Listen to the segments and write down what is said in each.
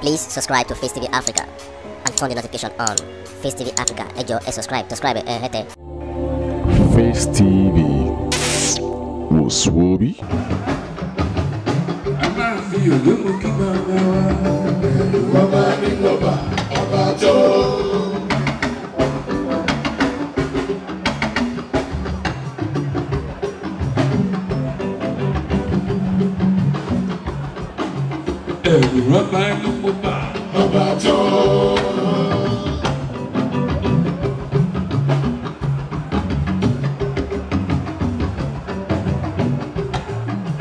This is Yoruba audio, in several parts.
Please subscribe to Face TV Africa and turn the notification on. Face TV Africa, ẹ ẹ subscribe, subscribe ẹ hẹ́tẹ̀. Face TV wò ẹ̀rù rọ́bà ló mú bá ọba tó.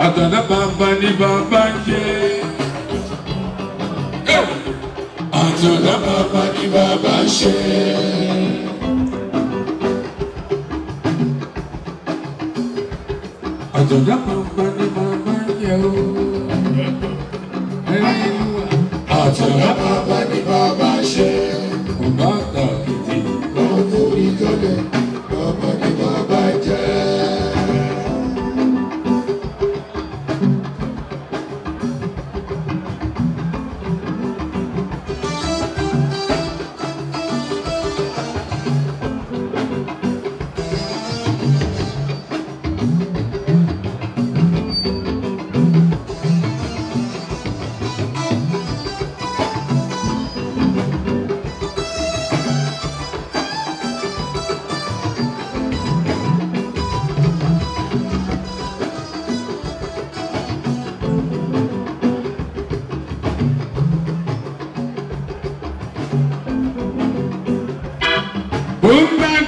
àtàlà bàbá ni bàbá ń jẹ́. àtàlà bàbá ni bàbá ń ṣe. àtàlà bàbá ni bàbá ń jẹ́ o.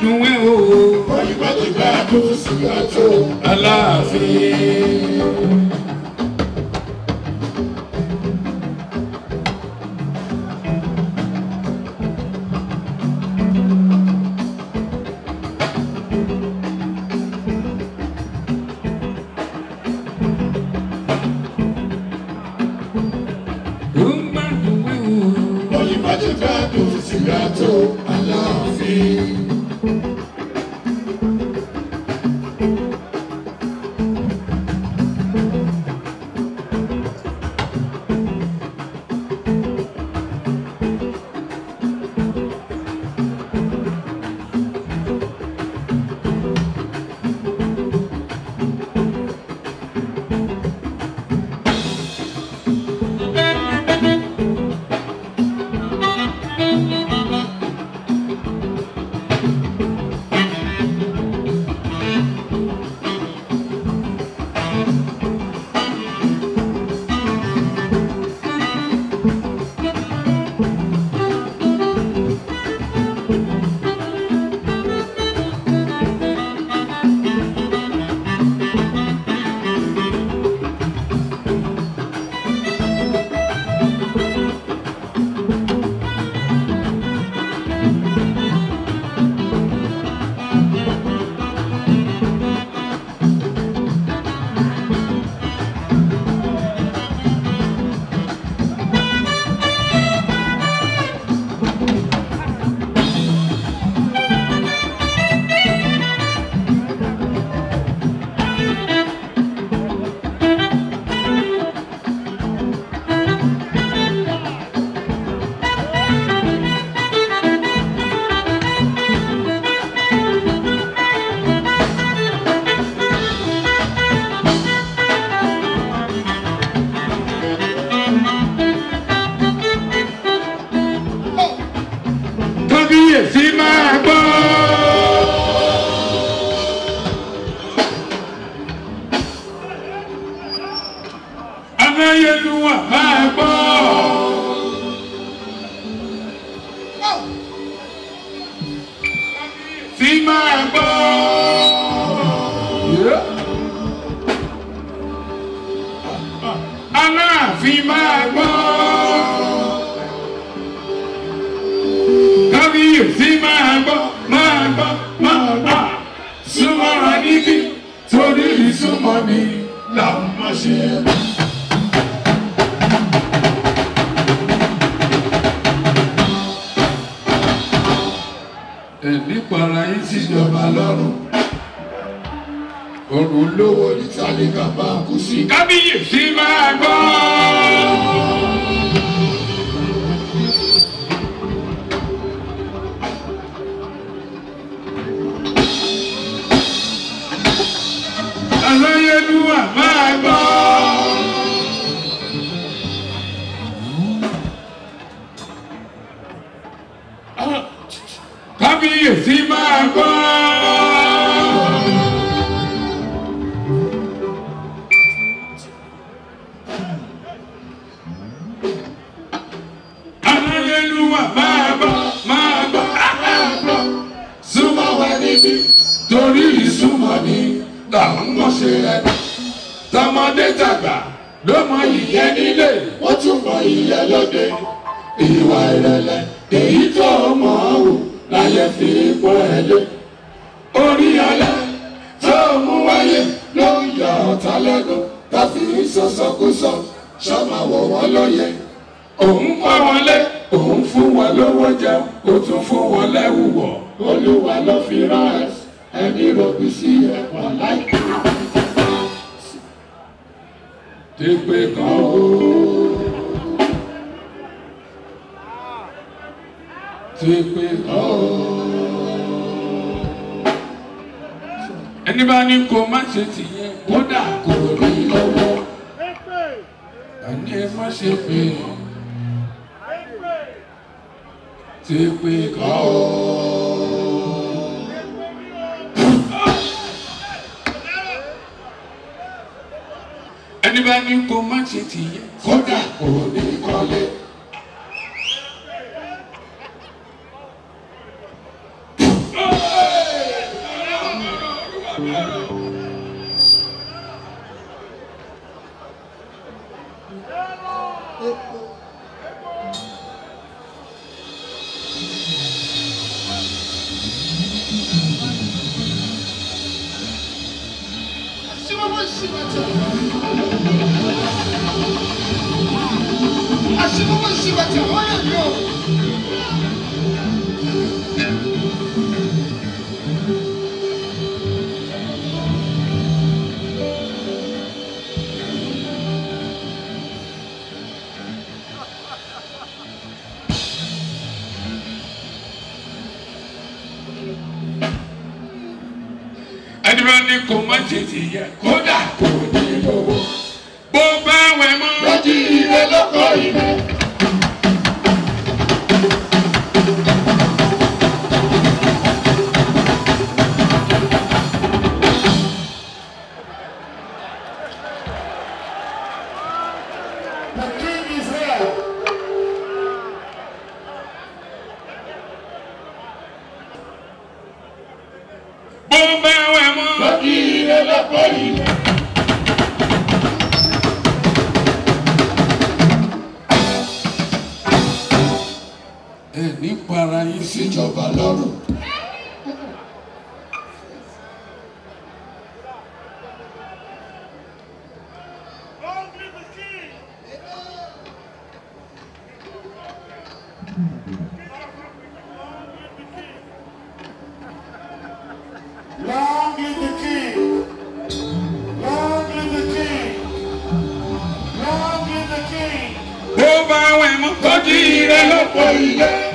dùnwẹ́ o. òyìnbó ti gbá àkóso sí ọjọ́. aláàfin. tí máa gbọ́. amáyéluwà máa gbọ́. tí máa gbọ́. aláàfin máa gbọ́. làwọn ṣe. ẹ̀mí para yín síjọba lọ́rùn ọ̀rùn lówó ní tálíkà bá kú sí. kábíyèsí máa gbọ́. máa gbọ́. kábíyèsí máa gbọ́. Hallelujah, máa gbọ́, máa gbọ́, máa gbọ́, súnmọ́ torí ìsúnmọ́ ni làwọn ń mọ̀ ṣe ẹni tọmọdé tàgbà ló mọ ìyẹn nílé wọ́n tún mọ ìyẹn lóde. ìwà ìrẹ̀lẹ̀ èyí tó mọ̀ ọ́ wò láyé fi pọ́ ẹ lé. orí alẹ́ tó mú wáyé ló ń yọ ọ̀tá lẹ́nu tá fi ń sọsọkúsọ ṣọ́màwọ̀ wọn lóye. òun pọ́n wọn òun fún wọn lówó jẹun ó tún fún wọn lẹ́wù wọ̀ olúwa ló fi rán ẹ ẹni ròbí sí ẹ̀wọ̀n láìpẹ́ èpè kan ó. Tèpè kan ó. Ẹni bá ní kó má ṣe tìyẹn kódà kò rí lọ́wọ́. Àní má ṣe pè é. Tèpè kan ó. ní kó má ṣe ti yẹ. kódà kò ní kọ́lé. Oh! kò má ṣe ti yẹ kódà kò ní lówó. bó bá wẹ̀ mọ́. lọ́jì ilé lọ́kọ̀ ìlú. Sakine la Paine. Ẹni para yín síjọba lọ́rùn. yeah,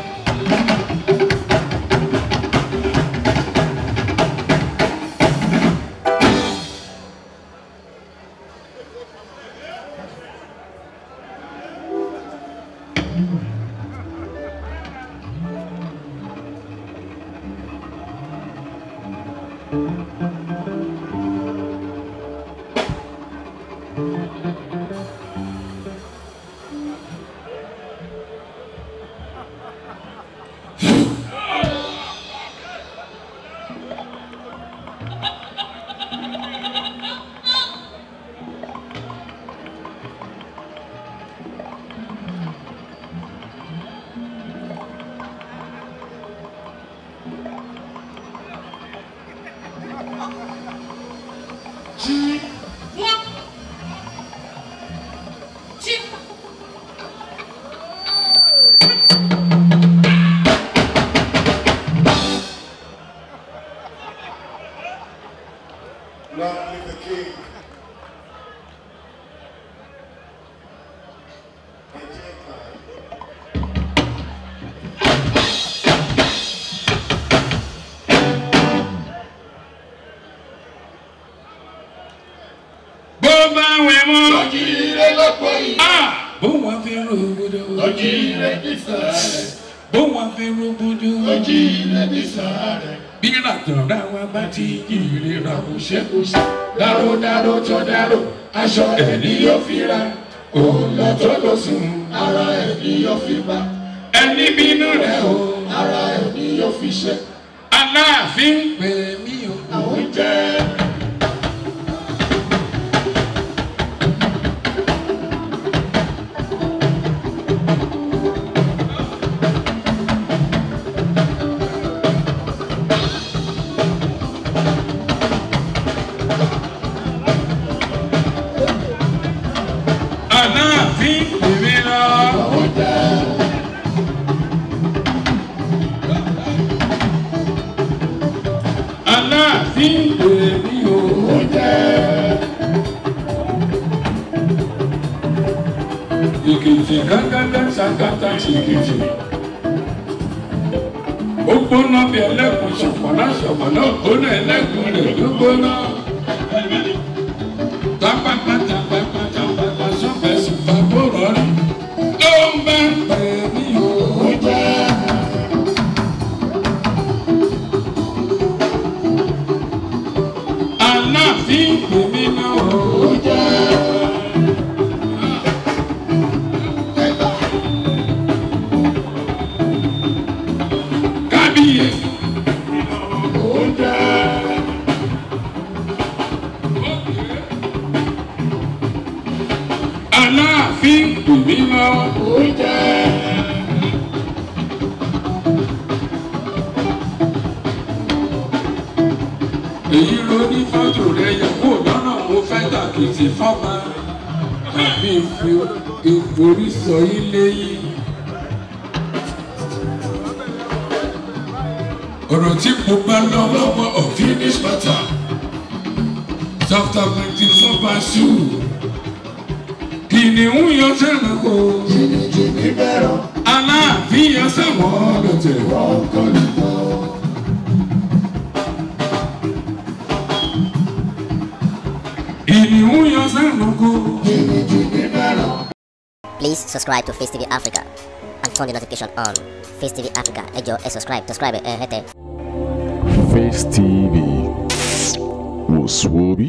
mọ́. lọ́jì ire lọ́pọ̀ yìí. Ah! bóun wá fi rògbòdò. lọ́jì ire bí sàárẹ̀. bóun wá fi rògbòdò. lọ́jì ire bí sàárẹ̀. bí làtọ̀rọ̀ àwa bá ti jí ra kò ṣe kò ṣe. dárò dárò tó dárò aṣọ ẹni yóò fi ra. òun lọ́jọ́ ló sùn ara ẹni yóò fi bá. ẹni bínú rẹ̀ o ara ẹni yóò fi ṣe. aláàfin pè mí o. àwọn jẹ́ gangan ṣàkátà ti kejì ó gbóná bí ẹlẹ́kùn ṣọ̀pọ̀ náà ṣọ̀pọ̀ náà gbóná ẹlẹ́kùn rẹ̀ ló gbóná. èyí ló ní mọ́tò rẹ̀ yẹ kó lọ́nà mo fẹ́ tàkìtì fọ́mọ àbí fi ìforí sọ yín léyìn. ọ̀rọ̀ tí mo bá lọ lọ́wọ́ unfinished matter chapter twenty four verse two kìnìún yọ sẹ́nu kò. jìnnìjìnnì bá. subscribe to Face TV Africa and turn the notification on. Face TV Africa, ejo, hey, subscribe, subscribe, eh, hete. Face TV was